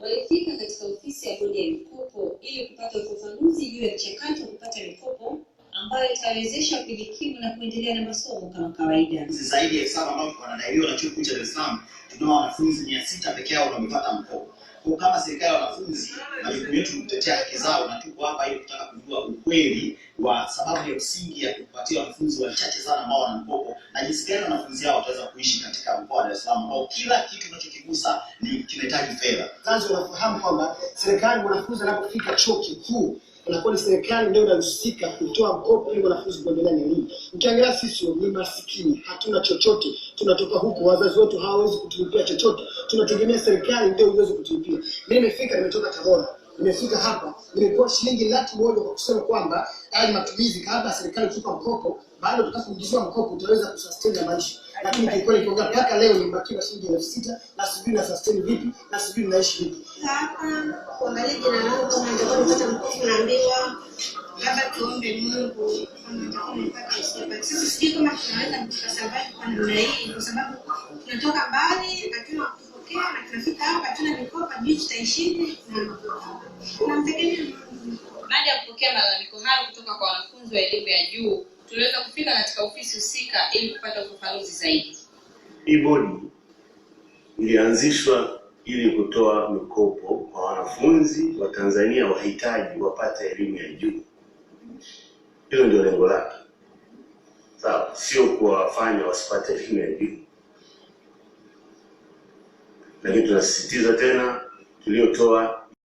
walifika katika ofisi ya bodi ya mikopo ili kupata ufafanuzi juu ya mchakato wa kupata mikopo ambayo itawezesha kujikimu na kuendelea na masomo kama kawaida. Zaidi ya saba ambao wanadaiwa na chuo kikuu cha Dar es Salaam, tunao wanafunzi mia sita peke yao wamepata mkopo. Kwa kama serikali ya wanafunzi, majukumu yetu kutetea haki zao, na tuko hapa ili kutaka kujua ukweli wa sababu ya msingi ya kupatia wanafunzi wachache sana ambao wana mkopo na jinsi gani wanafunzi hao wataweza kuishi katika mkoa wa Dar es Salaam ambao kila kitu unachokigusa ni kinahitaji fedha. Sasa unafahamu kwamba serikali, mwanafunzi wanapofika chuo kikuu unakuwa ni serikali ndio inahusika kutoa mkopo ili wanafunzi kuendelea na elimu. Ukiangalia sisi ni masikini, hatuna chochote, tunatoka huku, wazazi wetu hawawezi kutulipia chochote, tunategemea serikali ndio iweze kutulipia. Mimi nimefika, nimetoka Tabora imefika hapa, imekuwa shilingi laki moja kwa kusema kwamba haya matumizi kabla serikali kutupa mkopo, bado tutakapoingiziwa mkopo utaweza kusustain na maisha. Lakini kikweli kwa mpaka leo nimebaki na shilingi elfu sita na sijui na sustain vipi na sijui naishi vipi. Hapa kuangalia jina langu kama nitakuwa nipata mkopo, naambiwa labda tuombe Mungu kama nitakuwa nipata usipata. Sasa sijui kama tunaweza kutasabaki kwa namna hii, kwa sababu tunatoka mbali lakini kupokea na tunafika hapa tuna mikopo baada ya kupokea malalamiko hayo kutoka kwa wanafunzi wa elimu ya juu, tuliweza kufika katika ofisi husika ili kupata ufafanuzi zaidi. Hii bodi ilianzishwa ili kutoa mikopo kwa wanafunzi wa Tanzania wahitaji wapate elimu ya juu. Hilo ndio lengo lake, sawa, sio kuwafanya wasipate elimu ya juu, lakini tunasisitiza tena tuliyotoa